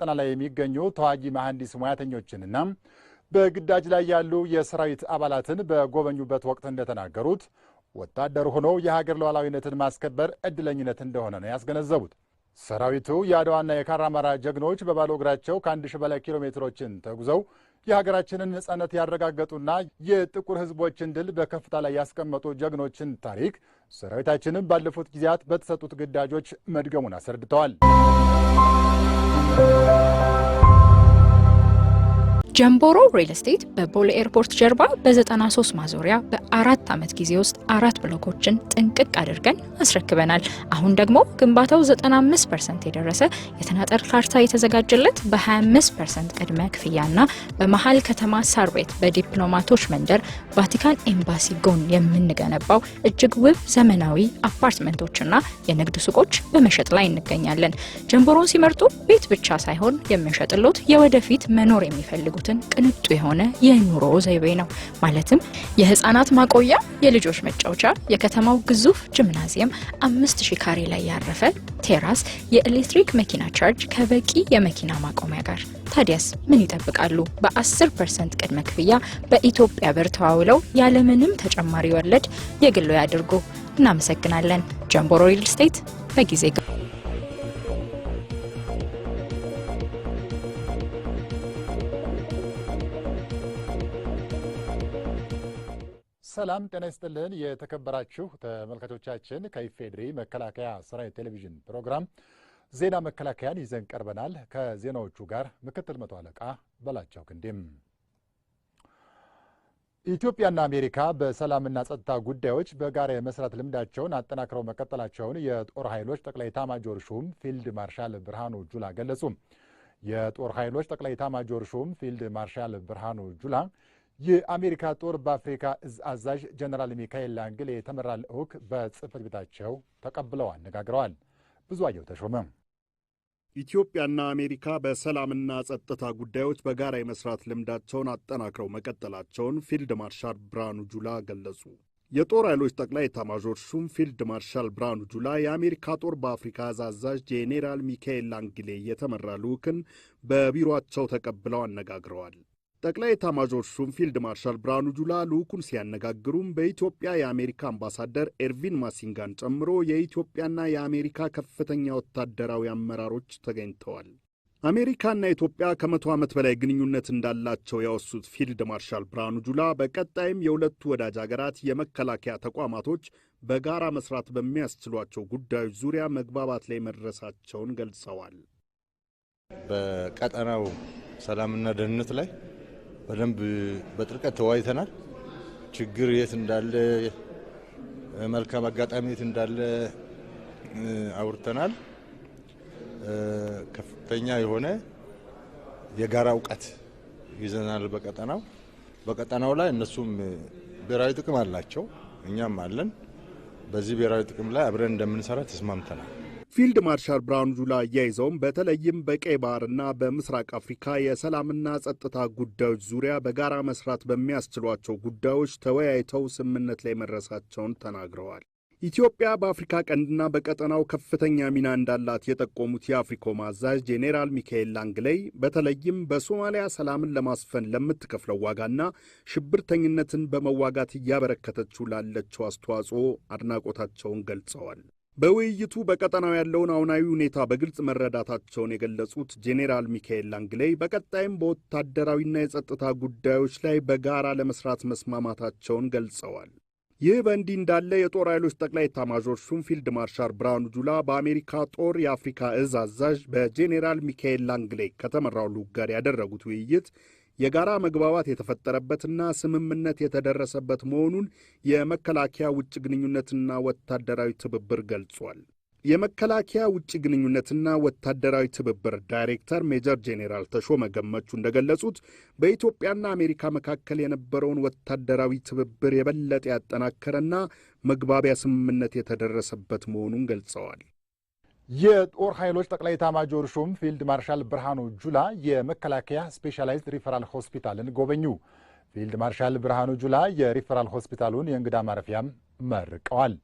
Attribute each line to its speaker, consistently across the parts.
Speaker 1: በስልጠና ላይ የሚገኙ ተዋጊ መሐንዲስ ሙያተኞችንና በግዳጅ ላይ ያሉ የሰራዊት አባላትን በጎበኙበት ወቅት እንደተናገሩት ወታደር ሆኖ የሀገር ሉዓላዊነትን ማስከበር እድለኝነት እንደሆነ ነው ያስገነዘቡት። ሰራዊቱ የአድዋና የካራማራ ጀግኖች በባዶ እግራቸው ከአንድ ሺህ በላይ ኪሎ ሜትሮችን ተጉዘው የሀገራችንን ነጻነት ያረጋገጡና የጥቁር ሕዝቦችን ድል በከፍታ ላይ ያስቀመጡ ጀግኖችን ታሪክ ሰራዊታችንም ባለፉት ጊዜያት በተሰጡት ግዳጆች መድገሙን አስረድተዋል። Música
Speaker 2: ጀምቦሮ ሪል ስቴት በቦሌ ኤርፖርት ጀርባ በ93 ማዞሪያ በአራት ዓመት ጊዜ ውስጥ አራት ብሎኮችን ጥንቅቅ አድርገን አስረክበናል። አሁን ደግሞ ግንባታው 95 ፐርሰንት የደረሰ የተናጠር ካርታ የተዘጋጀለት በ25 ፐርሰንት ቅድመ ክፍያና በመሀል ከተማ ሳር ቤት በዲፕሎማቶች መንደር ቫቲካን ኤምባሲ ጎን የምንገነባው እጅግ ውብ ዘመናዊ አፓርትመንቶችና የንግድ ሱቆች በመሸጥ ላይ እንገኛለን። ጀምቦሮን ሲመርጡ ቤት ብቻ ሳይሆን የምንሸጥሎት የወደፊት መኖር የሚፈልጉ የሚያደርጉትን ቅንጡ የሆነ የኑሮ ዘይቤ ነው። ማለትም የህፃናት ማቆያ፣ የልጆች መጫወቻ፣ የከተማው ግዙፍ ጂምናዚየም፣ አምስት ሺ ካሬ ላይ ያረፈ ቴራስ፣ የኤሌክትሪክ መኪና ቻርጅ ከበቂ የመኪና ማቆሚያ ጋር። ታዲያስ ምን ይጠብቃሉ? በ10 ፐርሰንት ቅድመ ክፍያ በኢትዮጵያ ብር ተዋውለው ያለምንም ተጨማሪ ወለድ የግሎ ያድርጉ። እናመሰግናለን። ጀምቦሮ ሪል ስቴት በጊዜ
Speaker 1: ሰላም ጤና ይስጥልን። የተከበራችሁ ተመልካቾቻችን ከኢፌድሪ መከላከያ ሰራዊት ቴሌቪዥን ፕሮግራም ዜና መከላከያን ይዘን ቀርበናል። ከዜናዎቹ ጋር ምክትል መቶ አለቃ በላቸው ክንዲም። ኢትዮጵያና አሜሪካ በሰላምና ጸጥታ ጉዳዮች በጋራ የመስራት ልምዳቸውን አጠናክረው መቀጠላቸውን የጦር ኃይሎች ጠቅላይ ታማጆር ሹም ፊልድ ማርሻል ብርሃኑ ጁላ ገለጹ። የጦር ኃይሎች ጠቅላይ ታማጆር ሹም ፊልድ ማርሻል ብርሃኑ ጁላ የአሜሪካ ጦር በአፍሪካ እዝ አዛዥ ጀነራል ሚካኤል ላንግል የተመራ ልዑክ በጽህፈት ቤታቸው ተቀብለው አነጋግረዋል። ብዙአየሁ ተሾመ። ኢትዮጵያና አሜሪካ በሰላምና ጸጥታ ጉዳዮች በጋራ የመስራት ልምዳቸውን አጠናክረው መቀጠላቸውን ፊልድ ማርሻል ብርሃኑ ጁላ ገለጹ። የጦር ኃይሎች ጠቅላይ ኤታማዦር ሹም ፊልድ ማርሻል ብርሃኑ ጁላ የአሜሪካ ጦር በአፍሪካ እዝ አዛዥ ጄኔራል ሚካኤል ላንግሌ የተመራ ልዑክን በቢሮአቸው ተቀብለው አነጋግረዋል። ጠቅላይ ኤታማዦር ሹም ፊልድ ማርሻል ብርሃኑ ጁላ ልዑኩን ሲያነጋግሩም በኢትዮጵያ የአሜሪካ አምባሳደር ኤርቪን ማሲንጋን ጨምሮ የኢትዮጵያና የአሜሪካ ከፍተኛ ወታደራዊ አመራሮች ተገኝተዋል። አሜሪካና ኢትዮጵያ ከመቶ ዓመት በላይ ግንኙነት እንዳላቸው ያወሱት ፊልድ ማርሻል ብርሃኑ ጁላ በቀጣይም የሁለቱ ወዳጅ አገራት የመከላከያ ተቋማቶች በጋራ መስራት በሚያስችሏቸው ጉዳዮች ዙሪያ መግባባት ላይ መድረሳቸውን ገልጸዋል።
Speaker 3: በቀጠናው ሰላምና ደህንነት ላይ በደንብ በጥልቀት ተወያይተናል። ችግር የት እንዳለ፣ መልካም አጋጣሚ የት እንዳለ አውርተናል። ከፍተኛ የሆነ የጋራ እውቀት ይዘናል። በቀጠናው በቀጠናው ላይ እነሱም ብሔራዊ ጥቅም አላቸው፣ እኛም አለን። በዚህ ብሔራዊ ጥቅም ላይ አብረን እንደምንሰራ ተስማምተናል።
Speaker 1: ፊልድ ማርሻል ብርሃኑ ጁላ አያይዘውም በተለይም በቀይ ባህርና በምስራቅ አፍሪካ የሰላምና ጸጥታ ጉዳዮች ዙሪያ በጋራ መስራት በሚያስችሏቸው ጉዳዮች ተወያይተው ስምምነት ላይ መድረሳቸውን ተናግረዋል። ኢትዮጵያ በአፍሪካ ቀንድና በቀጠናው ከፍተኛ ሚና እንዳላት የጠቆሙት የአፍሪኮም አዛዥ ጄኔራል ሚካኤል ላንግሌይ በተለይም በሶማሊያ ሰላምን ለማስፈን ለምትከፍለው ዋጋና ሽብርተኝነትን በመዋጋት እያበረከተችው ላለችው አስተዋጽኦ አድናቆታቸውን ገልጸዋል። በውይይቱ በቀጠናው ያለውን አሁናዊ ሁኔታ በግልጽ መረዳታቸውን የገለጹት ጄኔራል ሚካኤል ላንግሌይ በቀጣይም በወታደራዊና የጸጥታ ጉዳዮች ላይ በጋራ ለመስራት መስማማታቸውን ገልጸዋል። ይህ በእንዲህ እንዳለ የጦር ኃይሎች ጠቅላይ ኤታማዦር ሹም ፊልድ ማርሻል ብርሃኑ ጁላ በአሜሪካ ጦር የአፍሪካ እዝ አዛዥ በጄኔራል ሚካኤል ላንግሌ ከተመራው ልዑክ ጋር ያደረጉት ውይይት የጋራ መግባባት የተፈጠረበትና ስምምነት የተደረሰበት መሆኑን የመከላከያ ውጭ ግንኙነትና ወታደራዊ ትብብር ገልጿል። የመከላከያ ውጭ ግንኙነትና ወታደራዊ ትብብር ዳይሬክተር ሜጀር ጄኔራል ተሾመ ገመቹ እንደገለጹት በኢትዮጵያና አሜሪካ መካከል የነበረውን ወታደራዊ ትብብር የበለጠ ያጠናከረና መግባቢያ ስምምነት የተደረሰበት መሆኑን ገልጸዋል። የጦር ኃይሎች ጠቅላይ ኤታማዦር ሹም ፊልድ ማርሻል ብርሃኑ ጁላ የመከላከያ ስፔሻላይዝድ ሪፈራል ሆስፒታልን ጎበኙ። ፊልድ ማርሻል ብርሃኑ ጁላ የሪፈራል ሆስፒታሉን የእንግዳ ማረፊያም መርቀዋል።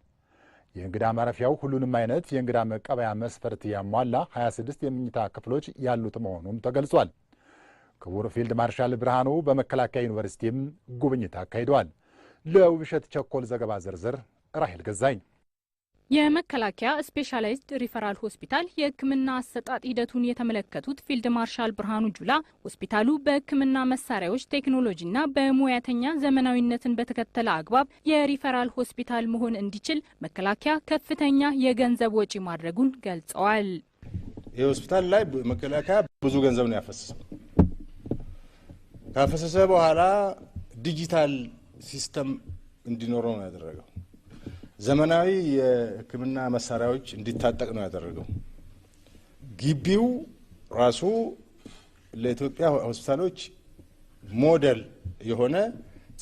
Speaker 1: የእንግዳ ማረፊያው ሁሉንም አይነት የእንግዳ መቀበያ መስፈርት ያሟላ 26 የመኝታ ክፍሎች ያሉት መሆኑም ተገልጿል። ክቡር ፊልድ ማርሻል ብርሃኑ በመከላከያ ዩኒቨርሲቲም ጉብኝት አካሂደዋል። ለውብሸት ቸኮል ዘገባ ዝርዝር ራሄል ገዛኝ
Speaker 2: የመከላከያ ስፔሻላይዝድ ሪፈራል ሆስፒታል የሕክምና አሰጣጥ ሂደቱን የተመለከቱት ፊልድ ማርሻል ብርሃኑ ጁላ ሆስፒታሉ በሕክምና መሳሪያዎች ቴክኖሎጂና በሙያተኛ ዘመናዊነትን በተከተለ አግባብ የሪፈራል ሆስፒታል መሆን እንዲችል መከላከያ ከፍተኛ የገንዘብ ወጪ ማድረጉን ገልጸዋል።
Speaker 3: ይህ ሆስፒታል ላይ መከላከያ ብዙ ገንዘብ ነው ያፈሰሰው። ካፈሰሰ በኋላ ዲጂታል ሲስተም እንዲኖረው ነው ያደረገው። ዘመናዊ የሕክምና መሳሪያዎች እንዲታጠቅ ነው ያደረገው። ግቢው ራሱ ለኢትዮጵያ ሆስፒታሎች ሞዴል የሆነ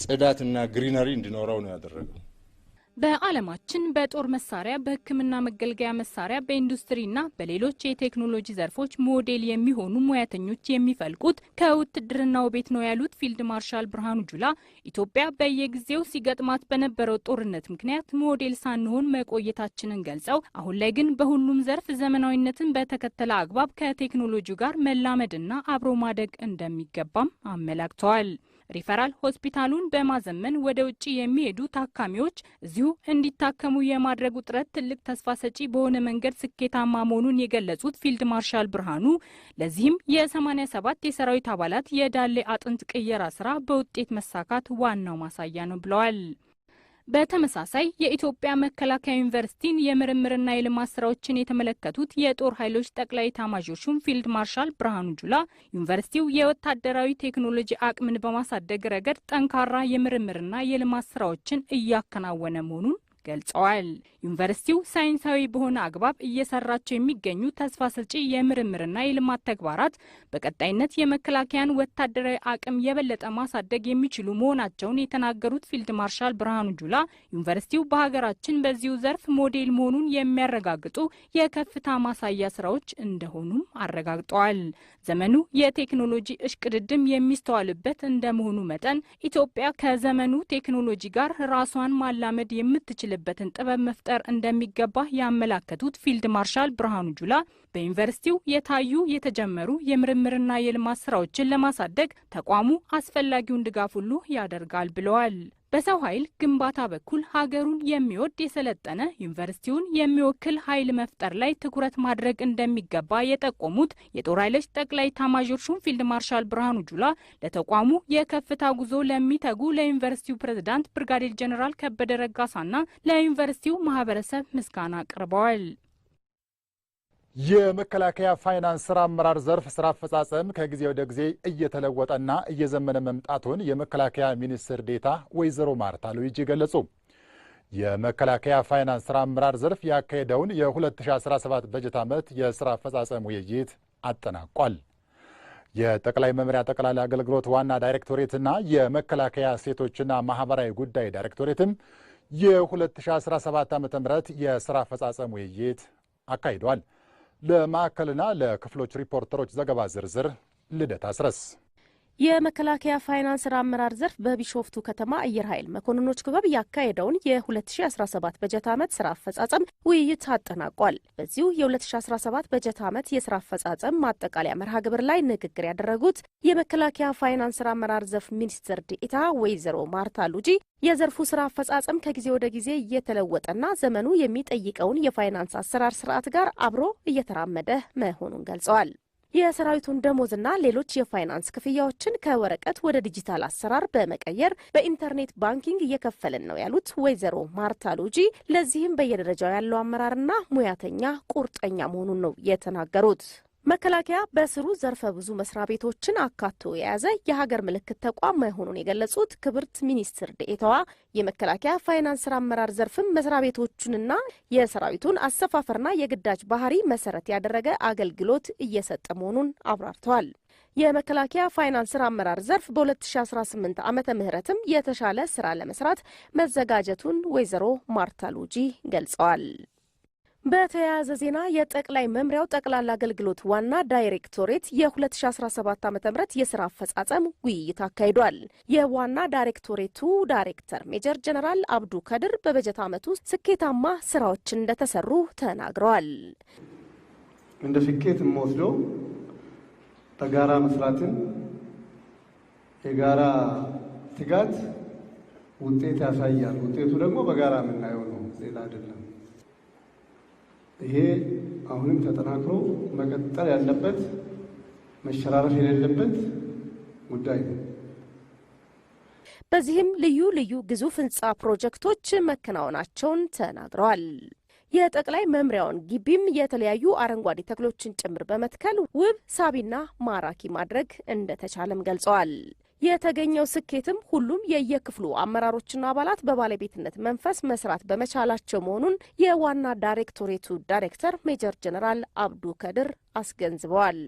Speaker 3: ጽዳትና ግሪነሪ እንዲኖረው ነው ያደረገው።
Speaker 2: በዓለማችን በጦር መሳሪያ፣ በሕክምና መገልገያ መሳሪያ፣ በኢንዱስትሪና በሌሎች የቴክኖሎጂ ዘርፎች ሞዴል የሚሆኑ ሙያተኞች የሚፈልቁት ከውትድርናው ቤት ነው ያሉት ፊልድ ማርሻል ብርሃኑ ጁላ ኢትዮጵያ በየጊዜው ሲገጥማት በነበረው ጦርነት ምክንያት ሞዴል ሳንሆን መቆየታችንን ገልጸው አሁን ላይ ግን በሁሉም ዘርፍ ዘመናዊነትን በተከተለ አግባብ ከቴክኖሎጂ ጋር መላመድና አብሮ ማደግ እንደሚገባም አመላክተዋል። ሪፈራል ሆስፒታሉን በማዘመን ወደ ውጭ የሚሄዱ ታካሚዎች እዚሁ እንዲታከሙ የማድረጉ ጥረት ትልቅ ተስፋ ሰጪ በሆነ መንገድ ስኬታማ መሆኑን የገለጹት ፊልድ ማርሻል ብርሃኑ ለዚህም የ87 የሰራዊት አባላት የዳሌ አጥንት ቅየራ ስራ በውጤት መሳካት ዋናው ማሳያ ነው ብለዋል። በተመሳሳይ የኢትዮጵያ መከላከያ ዩኒቨርሲቲን የምርምርና የልማት ስራዎችን የተመለከቱት የጦር ኃይሎች ጠቅላይ ኤታማዦር ሹም ፊልድ ማርሻል ብርሃኑ ጁላ ዩኒቨርሲቲው የወታደራዊ ቴክኖሎጂ አቅምን በማሳደግ ረገድ ጠንካራ የምርምርና የልማት ስራዎችን እያከናወነ መሆኑን ገልጸዋል። ዩኒቨርሲቲው ሳይንሳዊ በሆነ አግባብ እየሰራቸው የሚገኙ ተስፋ ሰጪ የምርምርና የልማት ተግባራት በቀጣይነት የመከላከያን ወታደራዊ አቅም የበለጠ ማሳደግ የሚችሉ መሆናቸውን የተናገሩት ፊልድ ማርሻል ብርሃኑ ጁላ ዩኒቨርሲቲው በሀገራችን በዚሁ ዘርፍ ሞዴል መሆኑን የሚያረጋግጡ የከፍታ ማሳያ ስራዎች እንደሆኑም አረጋግጠዋል። ዘመኑ የቴክኖሎጂ እሽቅድድም የሚስተዋልበት እንደመሆኑ መጠን ኢትዮጵያ ከዘመኑ ቴክኖሎጂ ጋር ራሷን ማላመድ የምትችል የሚቻልበትን ጥበብ መፍጠር እንደሚገባ ያመላከቱት ፊልድ ማርሻል ብርሃኑ ጁላ በዩኒቨርሲቲው የታዩ የተጀመሩ የምርምርና የልማት ስራዎችን ለማሳደግ ተቋሙ አስፈላጊውን ድጋፍ ሁሉ ያደርጋል ብለዋል። በሰው ኃይል ግንባታ በኩል ሀገሩን የሚወድ የሰለጠነ ዩኒቨርሲቲውን የሚወክል ኃይል መፍጠር ላይ ትኩረት ማድረግ እንደሚገባ የጠቆሙት የጦር ኃይሎች ጠቅላይ ታማዦር ሹም ፊልድ ማርሻል ብርሃኑ ጁላ ለተቋሙ የከፍታ ጉዞ ለሚተጉ ለዩኒቨርሲቲው ፕሬዝዳንት ብርጋዴር ጀኔራል ከበደ ረጋሳና ለዩኒቨርሲቲው ማህበረሰብ ምስጋና አቅርበዋል።
Speaker 1: የመከላከያ ፋይናንስ ስራ አመራር ዘርፍ ስራ አፈጻጸም ከጊዜ ወደ ጊዜ እየተለወጠና እየዘመነ መምጣቱን የመከላከያ ሚኒስትር ዴታ ወይዘሮ ማርታ ሉዊጂ ገለጹ። የመከላከያ ፋይናንስ ስራ አመራር ዘርፍ ያካሄደውን የ2017 በጀት ዓመት የስራ አፈጻጸም ውይይት አጠናቋል። የጠቅላይ መምሪያ ጠቅላላ አገልግሎት ዋና ዳይሬክቶሬትና የመከላከያ ሴቶችና ማህበራዊ ጉዳይ ዳይሬክቶሬትም የ2017 ዓ ም የስራ አፈጻጸም ውይይት አካሂደዋል። ለማዕከልና ለክፍሎች ሪፖርተሮች ዘገባ ዝርዝር ልደት አስረስ
Speaker 2: የመከላከያ ፋይናንስ ስራ አመራር ዘርፍ በቢሾፍቱ ከተማ አየር ኃይል መኮንኖች ክበብ ያካሄደውን የ2017 በጀት ዓመት ስራ አፈጻጸም ውይይት አጠናቋል። በዚሁ የ2017 በጀት ዓመት የስራ አፈጻጸም ማጠቃለያ መርሃ ግብር ላይ ንግግር ያደረጉት የመከላከያ ፋይናንስ ስራ አመራር ዘርፍ ሚኒስትር ዴኤታ ወይዘሮ ማርታ ሉጂ የዘርፉ ስራ አፈጻጸም ከጊዜ ወደ ጊዜ እየተለወጠና ዘመኑ የሚጠይቀውን የፋይናንስ አሰራር ስርዓት ጋር አብሮ እየተራመደ መሆኑን ገልጸዋል። የሰራዊቱን ደሞዝና ሌሎች የፋይናንስ ክፍያዎችን ከወረቀት ወደ ዲጂታል አሰራር በመቀየር በኢንተርኔት ባንኪንግ እየከፈልን ነው ያሉት ወይዘሮ ማርታ ሉጂ ለዚህም በየደረጃው ያለው አመራርና ሙያተኛ ቁርጠኛ መሆኑን ነው የተናገሩት። መከላከያ በስሩ ዘርፈ ብዙ መስሪያ ቤቶችን አካቶ የያዘ የሀገር ምልክት ተቋም መሆኑን የገለጹት ክብርት ሚኒስትር ደኤታዋ የመከላከያ ፋይናንስ ስራ አመራር ዘርፍም መስሪያ ቤቶቹንና የሰራዊቱን አሰፋፈርና የግዳጅ ባህሪ መሰረት ያደረገ አገልግሎት እየሰጠ መሆኑን አብራርተዋል። የመከላከያ ፋይናንስ ስራ አመራር ዘርፍ በ2018 ዓመተ ምህረትም የተሻለ ስራ ለመስራት መዘጋጀቱን ወይዘሮ ማርታ ሉጂ ገልጸዋል። በተያያዘ ዜና የጠቅላይ መምሪያው ጠቅላላ አገልግሎት ዋና ዳይሬክቶሬት የ2017 ዓ ም የስራ አፈጻጸም ውይይት አካሂዷል። የዋና ዳይሬክቶሬቱ ዳይሬክተር ሜጀር ጀነራል አብዱ ከድር በበጀት ዓመቱ ስኬታማ ስራዎች እንደተሰሩ ተናግረዋል።
Speaker 4: እንደ ስኬት የምወስደው በጋራ መስራትን፣ የጋራ ትጋት ውጤት ያሳያል። ውጤቱ ደግሞ በጋራ የምናየው ነው፣ ሌላ አይደለም። ይሄ አሁንም ተጠናክሮ መቀጠል ያለበት መሸራረፍ የሌለበት ጉዳይ ነው።
Speaker 2: በዚህም ልዩ ልዩ ግዙፍ ህንፃ ፕሮጀክቶች መከናወናቸውን ተናግረዋል። የጠቅላይ መምሪያውን ግቢም የተለያዩ አረንጓዴ ተክሎችን ጭምር በመትከል ውብ ሳቢና ማራኪ ማድረግ እንደተቻለም ገልጸዋል። የተገኘው ስኬትም ሁሉም የየክፍሉ አመራሮችና አባላት በባለቤትነት መንፈስ መስራት በመቻላቸው መሆኑን የዋና ዳይሬክቶሬቱ ዳይሬክተር ሜጀር ጀነራል አብዱ ከድር አስገንዝበዋል።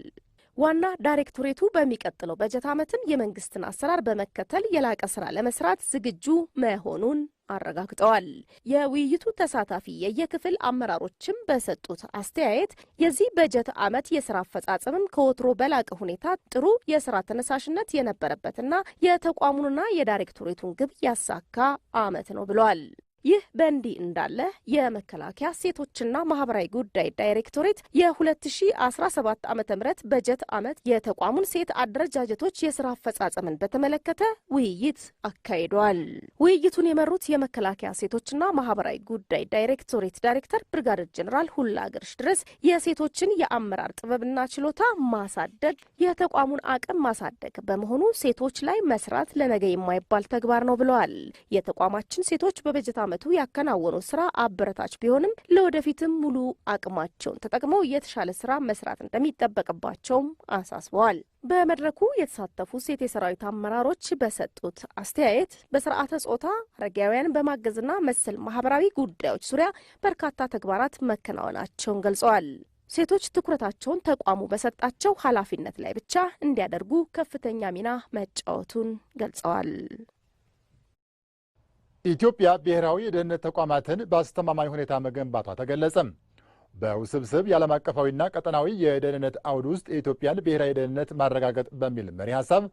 Speaker 2: ዋና ዳይሬክቶሬቱ በሚቀጥለው በጀት ዓመትም የመንግስትን አሰራር በመከተል የላቀ ስራ ለመስራት ዝግጁ መሆኑን አረጋግጠዋል። የውይይቱ ተሳታፊ የየክፍል አመራሮችም በሰጡት አስተያየት የዚህ በጀት ዓመት የስራ አፈጻጸምም ከወትሮ በላቀ ሁኔታ ጥሩ የስራ ተነሳሽነት የነበረበትና የተቋሙንና የዳይሬክቶሬቱን ግብ ያሳካ ዓመት ነው ብለዋል። ይህ በእንዲህ እንዳለ የመከላከያ ሴቶችና ማህበራዊ ጉዳይ ዳይሬክቶሬት የ2017 ዓ ም በጀት ዓመት የተቋሙን ሴት አደረጃጀቶች የስራ አፈጻጸምን በተመለከተ ውይይት አካሂደዋል። ውይይቱን የመሩት የመከላከያ ሴቶችና ማህበራዊ ጉዳይ ዳይሬክቶሬት ዳይሬክተር ብርጋደር ጀኔራል አገርሽ ድረስ የሴቶችን የአመራር ጥበብና ችሎታ ማሳደግ የተቋሙን አቅም ማሳደግ በመሆኑ ሴቶች ላይ መስራት ለነገ የማይባል ተግባር ነው ብለዋል። የተቋማችን ሴቶች በበጀት በዓመቱ ያከናወኑ ስራ አበረታች ቢሆንም ለወደፊትም ሙሉ አቅማቸውን ተጠቅመው የተሻለ ስራ መስራት እንደሚጠበቅባቸውም አሳስበዋል። በመድረኩ የተሳተፉ ሴት የሰራዊት አመራሮች በሰጡት አስተያየት በስርዓተ ጾታ አረጋውያን በማገዝና መሰል ማህበራዊ ጉዳዮች ዙሪያ በርካታ ተግባራት መከናወናቸውን ገልጸዋል። ሴቶች ትኩረታቸውን ተቋሙ በሰጣቸው ኃላፊነት ላይ ብቻ እንዲያደርጉ ከፍተኛ ሚና መጫወቱን ገልጸዋል።
Speaker 1: ኢትዮጵያ ብሔራዊ የደህንነት ተቋማትን በአስተማማኝ ሁኔታ መገንባቷ ተገለጸም። በውስብስብ የዓለም አቀፋዊና ቀጠናዊ የደህንነት አውድ ውስጥ የኢትዮጵያን ብሔራዊ ደህንነት ማረጋገጥ በሚል መሪ ሀሳብ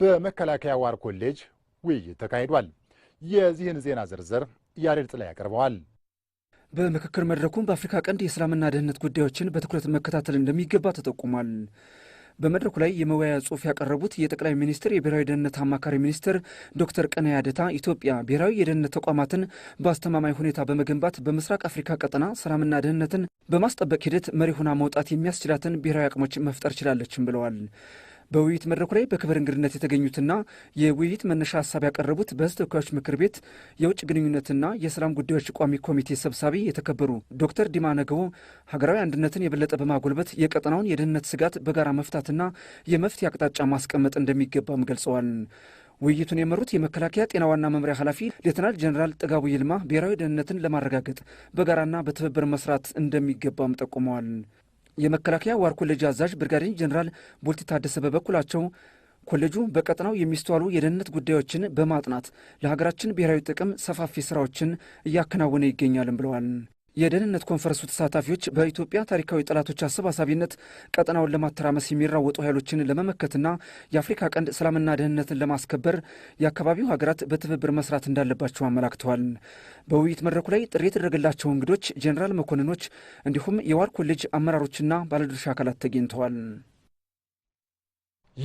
Speaker 1: በመከላከያ ዋር ኮሌጅ ውይይት ተካሂዷል። የዚህን ዜና ዝርዝር ያሬድ ጥላይ ያቀርበዋል።
Speaker 5: በምክክር መድረኩም በአፍሪካ ቀንድ የሰላምና ደህንነት ጉዳዮችን በትኩረት መከታተል እንደሚገባ ተጠቁሟል። በመድረኩ ላይ የመወያያ ጽሑፍ ያቀረቡት የጠቅላይ ሚኒስትር የብሔራዊ ደህንነት አማካሪ ሚኒስትር ዶክተር ቀነ ያደታ ኢትዮጵያ ብሔራዊ የደህንነት ተቋማትን በአስተማማኝ ሁኔታ በመገንባት በምስራቅ አፍሪካ ቀጠና ሰላምና ደህንነትን በማስጠበቅ ሂደት መሪ ሆና መውጣት የሚያስችላትን ብሔራዊ አቅሞች መፍጠር ችላለችም ብለዋል። በውይይት መድረኩ ላይ በክብር እንግድነት የተገኙትና የውይይት መነሻ ሀሳብ ያቀረቡት በሕዝብ ተወካዮች ምክር ቤት የውጭ ግንኙነትና የሰላም ጉዳዮች ቋሚ ኮሚቴ ሰብሳቢ የተከበሩ ዶክተር ዲማ ነገቦ ሀገራዊ አንድነትን የበለጠ በማጎልበት የቀጠናውን የደህንነት ስጋት በጋራ መፍታትና የመፍትሄ አቅጣጫ ማስቀመጥ እንደሚገባም ገልጸዋል። ውይይቱን የመሩት የመከላከያ ጤና ዋና መምሪያ ኃላፊ ሌተናል ጀኔራል ጥጋቡ ይልማ ብሔራዊ ደህንነትን ለማረጋገጥ በጋራና በትብብር መስራት እንደሚገባም ጠቁመዋል። የመከላከያ ዋር ኮሌጅ አዛዥ ብርጋዴር ጀኔራል ቦልቲ ታደሰ በበኩላቸው ኮሌጁ በቀጠናው የሚስተዋሉ የደህንነት ጉዳዮችን በማጥናት ለሀገራችን ብሔራዊ ጥቅም ሰፋፊ ስራዎችን እያከናወነ ይገኛልም ብለዋል። የደህንነት ኮንፈረንሱ ተሳታፊዎች በኢትዮጵያ ታሪካዊ ጠላቶች አሰባሳቢነት ቀጠናውን ለማተራመስ የሚራወጡ ኃይሎችን ለመመከትና የአፍሪካ ቀንድ ሰላምና ደህንነትን ለማስከበር የአካባቢው ሀገራት በትብብር መስራት እንዳለባቸው አመላክተዋል። በውይይት መድረኩ ላይ ጥሪ የተደረገላቸው እንግዶች ጄኔራል መኮንኖች፣ እንዲሁም የዋር ኮሌጅ አመራሮችና ባለድርሻ አካላት ተገኝተዋል።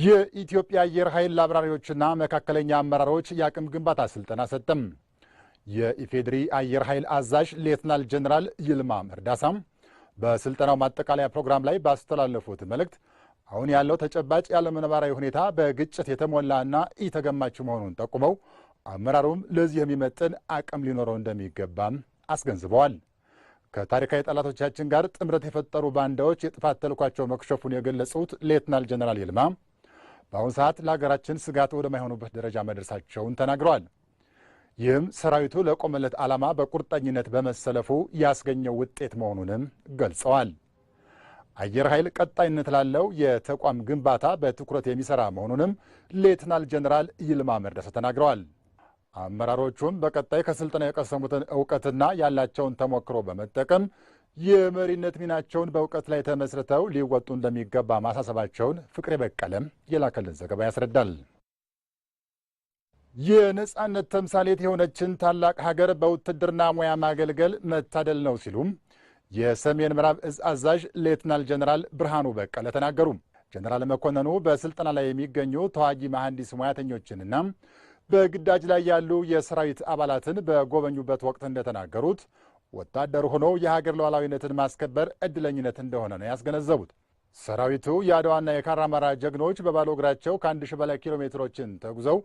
Speaker 1: የኢትዮጵያ አየር ኃይል ለአብራሪዎችና መካከለኛ አመራሮች የአቅም ግንባታ ስልጠና ሰጠም። የኢፌዴሪ አየር ኃይል አዛዥ ሌትናል ጀኔራል ይልማ መርዳሳም በስልጠናው ማጠቃለያ ፕሮግራም ላይ ባስተላለፉት መልእክት አሁን ያለው ተጨባጭ የዓለም ነባራዊ ሁኔታ በግጭት የተሞላና ኢተገማች መሆኑን ጠቁመው አመራሩም ለዚህ የሚመጥን አቅም ሊኖረው እንደሚገባም አስገንዝበዋል። ከታሪካዊ ጠላቶቻችን ጋር ጥምረት የፈጠሩ ባንዳዎች የጥፋት ተልኳቸው መክሸፉን የገለጹት ሌትናል ጀነራል ይልማ በአሁኑ ሰዓት ለሀገራችን ስጋት ወደማይሆኑበት ደረጃ መድረሳቸውን ተናግረዋል። ይህም ሰራዊቱ ለቆመለት ዓላማ በቁርጠኝነት በመሰለፉ ያስገኘው ውጤት መሆኑንም ገልጸዋል። አየር ኃይል ቀጣይነት ላለው የተቋም ግንባታ በትኩረት የሚሰራ መሆኑንም ሌትናል ጀኔራል ይልማ መርደሰ ተናግረዋል። አመራሮቹም በቀጣይ ከስልጠና የቀሰሙትን እውቀትና ያላቸውን ተሞክሮ በመጠቀም የመሪነት ሚናቸውን በእውቀት ላይ ተመስርተው ሊወጡ እንደሚገባ ማሳሰባቸውን ፍቅሬ በቀለም የላከልን ዘገባ ያስረዳል። የነጻነት ተምሳሌት የሆነችን ታላቅ ሀገር በውትድርና ሙያ ማገልገል መታደል ነው ሲሉም የሰሜን ምዕራብ እዝ አዛዥ ሌትናል ጀነራል ብርሃኑ በቀለ ተናገሩ። ጀነራል መኮንኑ በስልጠና ላይ የሚገኙ ተዋጊ መሐንዲስ ሙያተኞችንና በግዳጅ ላይ ያሉ የሰራዊት አባላትን በጎበኙበት ወቅት እንደተናገሩት ወታደር ሆኖ የሀገር ሉዓላዊነትን ማስከበር እድለኝነት እንደሆነ ነው ያስገነዘቡት። ሰራዊቱ የአድዋና የካራማራ ጀግኖች በባዶ እግራቸው ከአንድ ሺህ በላይ ኪሎ ሜትሮችን ተጉዘው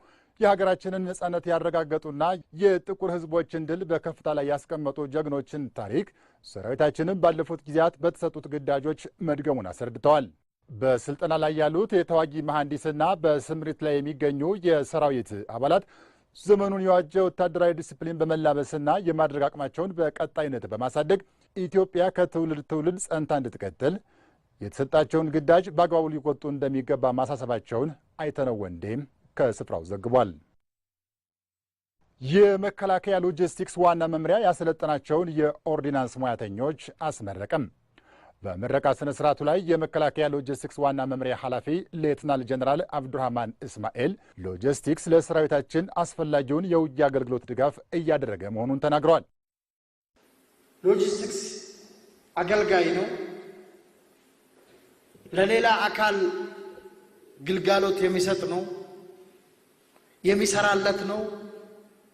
Speaker 1: የሀገራችንን ነጻነት ያረጋገጡና የጥቁር ህዝቦችን ድል በከፍታ ላይ ያስቀመጡ ጀግኖችን ታሪክ ሰራዊታችንም ባለፉት ጊዜያት በተሰጡት ግዳጆች መድገሙን አስረድተዋል። በስልጠና ላይ ያሉት የተዋጊ መሐንዲስና በስምሪት ላይ የሚገኙ የሰራዊት አባላት ዘመኑን የዋጀ ወታደራዊ ዲስፕሊን በመላበስና የማድረግ አቅማቸውን በቀጣይነት በማሳደግ ኢትዮጵያ ከትውልድ ትውልድ ጸንታ እንድትቀጥል የተሰጣቸውን ግዳጅ በአግባቡ ሊቆጡ እንደሚገባ ማሳሰባቸውን አይተነው ወንዴም ከስፍራው ዘግቧል። የመከላከያ ሎጂስቲክስ ዋና መምሪያ ያሰለጠናቸውን የኦርዲናንስ ሙያተኞች አስመረቀም። በምረቃ ስነ ስርዓቱ ላይ የመከላከያ ሎጂስቲክስ ዋና መምሪያ ኃላፊ ሌትናል ጀነራል አብዱራህማን እስማኤል ሎጂስቲክስ ለሰራዊታችን አስፈላጊውን የውጊ አገልግሎት ድጋፍ እያደረገ መሆኑን ተናግረዋል።
Speaker 6: ሎጂስቲክስ አገልጋይ ነው። ለሌላ አካል ግልጋሎት የሚሰጥ ነው። የሚሰራለት ነው።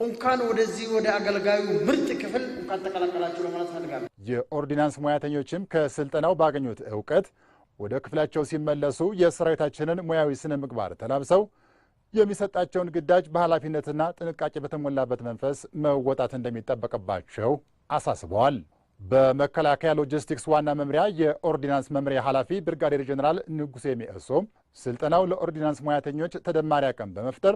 Speaker 6: እንኳን ወደዚህ ወደ አገልጋዩ ምርጥ ክፍል እንኳን ተቀላቀላችሁ ለማለት ፈልጋለሁ።
Speaker 1: የኦርዲናንስ ሙያተኞችም ከስልጠናው ባገኙት እውቀት ወደ ክፍላቸው ሲመለሱ የሰራዊታችንን ሙያዊ ስነ ምግባር ተላብሰው የሚሰጣቸውን ግዳጅ በኃላፊነትና ጥንቃቄ በተሞላበት መንፈስ መወጣት እንደሚጠበቅባቸው አሳስበዋል። በመከላከያ ሎጂስቲክስ ዋና መምሪያ የኦርዲናንስ መምሪያ ኃላፊ ብርጋዴር ጀኔራል ንጉሴ ሚእሶ ስልጠናው ለኦርዲናንስ ሙያተኞች ተደማሪ አቅም በመፍጠር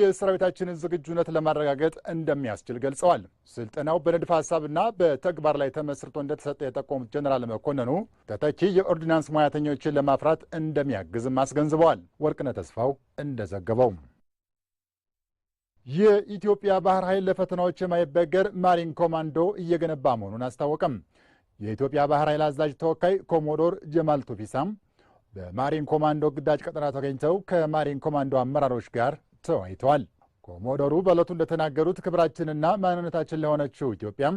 Speaker 1: የሰራዊታችንን ዝግጁነት ለማረጋገጥ እንደሚያስችል ገልጸዋል። ስልጠናው በንድፈ ሀሳብና በተግባር ላይ ተመስርቶ እንደተሰጠ የጠቆሙት ጀኔራል መኮንኑ ተተኪ የኦርዲናንስ ሙያተኞችን ለማፍራት እንደሚያግዝም አስገንዝበዋል። ወርቅነ ተስፋው እንደዘገበው የኢትዮጵያ ባህር ኃይል ለፈተናዎች የማይበገር ማሪን ኮማንዶ እየገነባ መሆኑን አስታወቀም። የኢትዮጵያ ባህር ኃይል አዛዥ ተወካይ ኮሞዶር ጀማል ቱፊሳም በማሪን ኮማንዶ ግዳጅ ቀጠና ተገኝተው ከማሪን ኮማንዶ አመራሮች ጋር ተወያይተዋል። ኮሞዶሩ በዕለቱ እንደተናገሩት ክብራችንና ማንነታችን ለሆነችው ኢትዮጵያም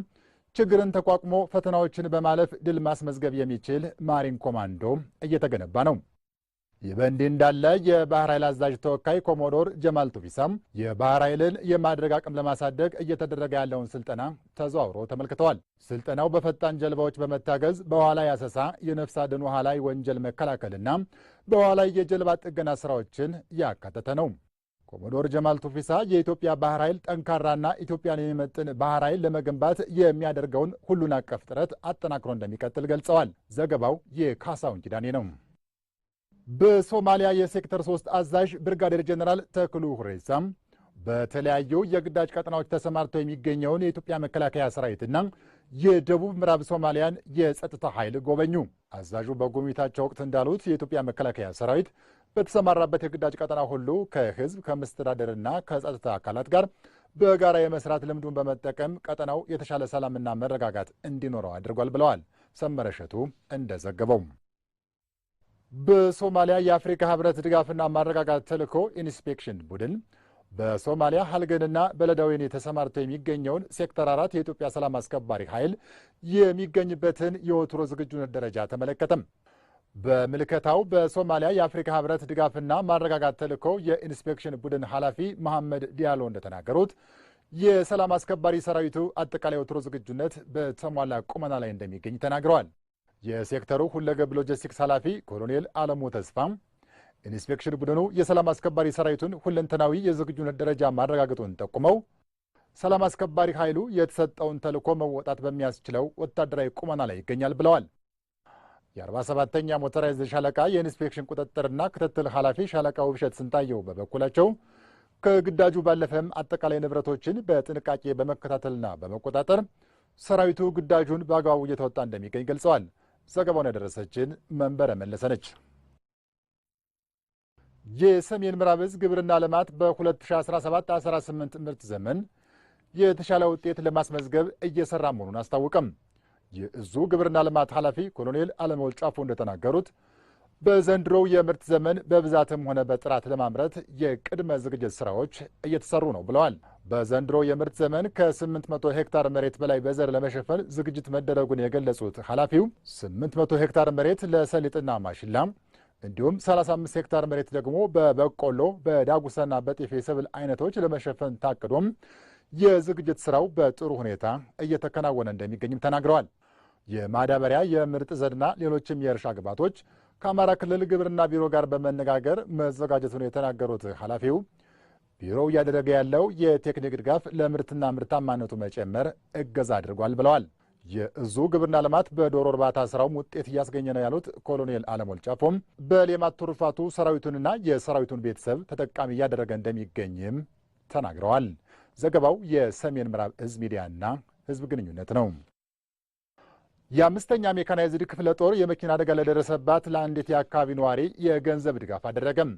Speaker 1: ችግርን ተቋቁሞ ፈተናዎችን በማለፍ ድል ማስመዝገብ የሚችል ማሪን ኮማንዶ እየተገነባ ነው። ይህ በእንዲህ እንዳለ የባህር ኃይል አዛዥ ተወካይ ኮሞዶር ጀማል ቱቢሳም የባህር ኃይልን የማድረግ አቅም ለማሳደግ እየተደረገ ያለውን ስልጠና ተዘዋውሮ ተመልክተዋል። ስልጠናው በፈጣን ጀልባዎች በመታገዝ በውሃ ላይ አሰሳ፣ የነፍስ አድን ውሃ ላይ ወንጀል መከላከልና በውሃ ላይ የጀልባ ጥገና ስራዎችን ያካተተ ነው። ኮሞዶር ጀማል ቱፊሳ የኢትዮጵያ ባህር ኃይል ጠንካራና ኢትዮጵያን የሚመጥን ባህር ኃይል ለመገንባት የሚያደርገውን ሁሉን አቀፍ ጥረት አጠናክሮ እንደሚቀጥል ገልጸዋል። ዘገባው የካሳውን ኪዳኔ ነው። በሶማሊያ የሴክተር ሶስት አዛዥ ብርጋዴር ጀኔራል ተክሉ ሁሬሳም በተለያዩ የግዳጅ ቀጠናዎች ተሰማርተው የሚገኘውን የኢትዮጵያ መከላከያ ሰራዊትና የደቡብ ምዕራብ ሶማሊያን የጸጥታ ኃይል ጎበኙ። አዛዡ በጉብኝታቸው ወቅት እንዳሉት የኢትዮጵያ መከላከያ ሰራዊት በተሰማራበት የግዳጅ ቀጠና ሁሉ ከህዝብ ከመስተዳደርና ከጸጥታ አካላት ጋር በጋራ የመስራት ልምዱን በመጠቀም ቀጠናው የተሻለ ሰላምና መረጋጋት እንዲኖረው አድርጓል ብለዋል። ሰመረሸቱ እንደዘገበው በሶማሊያ የአፍሪካ ህብረት ድጋፍና ማረጋጋት ተልኮ ኢንስፔክሽን ቡድን በሶማሊያ ሀልገንና በለዳዌን ተሰማርቶ የሚገኘውን ሴክተር አራት የኢትዮጵያ ሰላም አስከባሪ ኃይል የሚገኝበትን የወትሮ ዝግጁነት ደረጃ ተመለከተም። በምልከታው በሶማሊያ የአፍሪካ ህብረት ድጋፍና ማረጋጋት ተልዕኮ የኢንስፔክሽን ቡድን ኃላፊ መሐመድ ዲያሎ እንደተናገሩት የሰላም አስከባሪ ሰራዊቱ አጠቃላይ ወትሮ ዝግጁነት በተሟላ ቁመና ላይ እንደሚገኝ ተናግረዋል። የሴክተሩ ሁለገብ ሎጂስቲክስ ኃላፊ ኮሎኔል አለሙ ተስፋም ኢንስፔክሽን ቡድኑ የሰላም አስከባሪ ሰራዊቱን ሁለንተናዊ የዝግጁነት ደረጃ ማረጋገጡን ጠቁመው ሰላም አስከባሪ ኃይሉ የተሰጠውን ተልዕኮ መወጣት በሚያስችለው ወታደራዊ ቁመና ላይ ይገኛል ብለዋል። የ47ኛ ሞተራይዝድ ሻለቃ የኢንስፔክሽን ቁጥጥርና ክትትል ኃላፊ ሻለቃ ውብሸት ስንታየው በበኩላቸው ከግዳጁ ባለፈም አጠቃላይ ንብረቶችን በጥንቃቄ በመከታተልና በመቆጣጠር ሰራዊቱ ግዳጁን በአግባቡ እየተወጣ እንደሚገኝ ገልጸዋል። ዘገባውን ያደረሰችን መንበረ መለሰ ነች። የሰሜን ምዕራብ ግብርና ልማት በ2017/18 ምርት ዘመን የተሻለ ውጤት ለማስመዝገብ እየሰራ መሆኑን አስታወቀም። የእዙ ግብርና ልማት ኃላፊ ኮሎኔል አለመወል ጫፎ እንደተናገሩት በዘንድሮው የምርት ዘመን በብዛትም ሆነ በጥራት ለማምረት የቅድመ ዝግጅት ስራዎች እየተሰሩ ነው ብለዋል። በዘንድሮ የምርት ዘመን ከ800 ሄክታር መሬት በላይ በዘር ለመሸፈን ዝግጅት መደረጉን የገለጹት ኃላፊው 800 ሄክታር መሬት ለሰሊጥና ማሽላ እንዲሁም 35 ሄክታር መሬት ደግሞ በበቆሎ በዳጉሳና በጤፍ የሰብል አይነቶች ለመሸፈን ታቅዶም የዝግጅት ስራው በጥሩ ሁኔታ እየተከናወነ እንደሚገኝም ተናግረዋል። የማዳበሪያ የምርጥ ዘርና ሌሎችም የእርሻ ግብዓቶች ከአማራ ክልል ግብርና ቢሮ ጋር በመነጋገር መዘጋጀቱን የተናገሩት ኃላፊው ቢሮው እያደረገ ያለው የቴክኒክ ድጋፍ ለምርትና ምርታማነቱ መጨመር እገዛ አድርጓል ብለዋል። የእዙ ግብርና ልማት በዶሮ እርባታ ስራውም ውጤት እያስገኘ ነው ያሉት ኮሎኔል አለሞል ጫፎም በሌማት ትሩፋቱ ሰራዊቱንና የሰራዊቱን ቤተሰብ ተጠቃሚ እያደረገ እንደሚገኝም ተናግረዋል። ዘገባው የሰሜን ምዕራብ እዝ ሚዲያና ህዝብ ግንኙነት ነው። የአምስተኛ ሜካናይዝድ ክፍለ ጦር የመኪና አደጋ ለደረሰባት ለአንዲት የአካባቢ ነዋሪ የገንዘብ ድጋፍ አደረገም።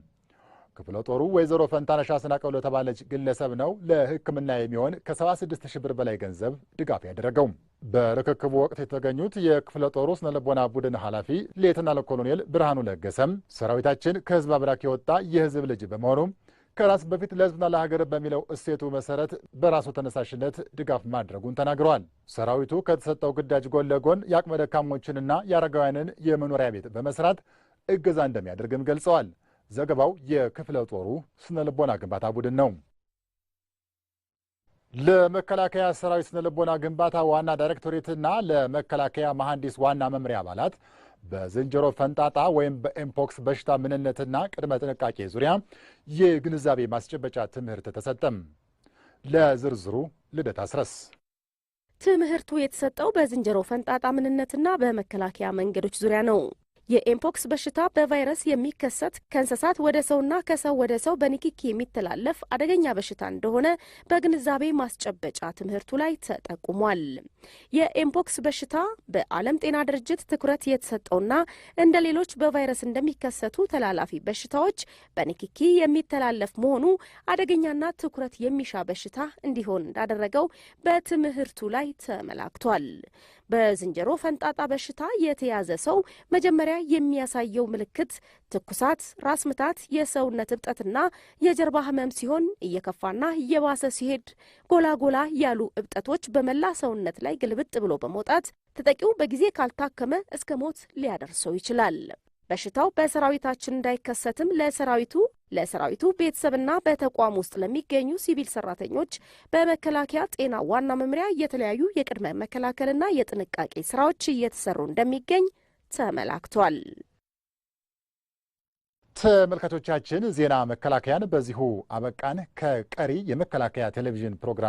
Speaker 1: ክፍለ ጦሩ ወይዘሮ ፈንታነሽ አስናቀው ለተባለች ግለሰብ ነው ለሕክምና የሚሆን ከ76000 ብር በላይ ገንዘብ ድጋፍ ያደረገው። በርክክቡ ወቅት የተገኙት የክፍለ ጦሩ ስነልቦና ቡድን ኃላፊ ሌተናል ኮሎኔል ብርሃኑ ለገሰም ሰራዊታችን ከህዝብ አብራክ የወጣ የህዝብ ልጅ በመሆኑ ከራስ በፊት ለህዝብና ለሀገር በሚለው እሴቱ መሰረት በራሱ ተነሳሽነት ድጋፍ ማድረጉን ተናግረዋል። ሰራዊቱ ከተሰጠው ግዳጅ ጎን ለጎን የአቅመ ደካሞችንና የአረጋውያንን የመኖሪያ ቤት በመስራት እገዛ እንደሚያደርግም ገልጸዋል። ዘገባው የክፍለ ጦሩ ስነልቦና ግንባታ ቡድን ነው። ለመከላከያ ሰራዊት ልቦና ግንባታ ዋና ዳይሬክቶሬትና ለመከላከያ መሐንዲስ ዋና መምሪያ አባላት በዝንጀሮ ፈንጣጣ ወይም በኤምፖክስ በሽታ ምንነትና ቅድመ ጥንቃቄ ዙሪያ የግንዛቤ ማስጨበጫ ትምህርት ተሰጠም። ለዝርዝሩ ልደት አስረስ
Speaker 2: ትምህርቱ የተሰጠው በዝንጀሮ ፈንጣጣ ምንነትና በመከላከያ መንገዶች ዙሪያ ነው። የኤምፖክስ በሽታ በቫይረስ የሚከሰት ከእንስሳት ወደ ሰውና ከሰው ወደ ሰው በንክኪ የሚተላለፍ አደገኛ በሽታ እንደሆነ በግንዛቤ ማስጨበጫ ትምህርቱ ላይ ተጠቁሟል። የኤምፖክስ በሽታ በዓለም ጤና ድርጅት ትኩረት የተሰጠውና እንደ ሌሎች በቫይረስ እንደሚከሰቱ ተላላፊ በሽታዎች በንክኪ የሚተላለፍ መሆኑ አደገኛና ትኩረት የሚሻ በሽታ እንዲሆን እንዳደረገው በትምህርቱ ላይ ተመላክቷል። በዝንጀሮ ፈንጣጣ በሽታ የተያዘ ሰው መጀመሪያ የሚያሳየው ምልክት ትኩሳት፣ ራስ ምታት፣ የሰውነት እብጠትና የጀርባ ህመም ሲሆን እየከፋና እየባሰ ሲሄድ ጎላ ጎላ ያሉ እብጠቶች በመላ ሰውነት ላይ ግልብጥ ብሎ በመውጣት ተጠቂው በጊዜ ካልታከመ እስከ ሞት ሊያደርሰው ይችላል። በሽታው በሰራዊታችን እንዳይከሰትም ለሰራዊቱ ለሰራዊቱ ቤተሰብና በተቋም ውስጥ ለሚገኙ ሲቪል ሰራተኞች በመከላከያ ጤና ዋና መምሪያ የተለያዩ የቅድመ መከላከልና የጥንቃቄ ስራዎች እየተሰሩ እንደሚገኝ ተመላክቷል።
Speaker 1: ተመልካቾቻችን ዜና መከላከያን በዚሁ አበቃን። ከቀሪ የመከላከያ ቴሌቪዥን ፕሮግራም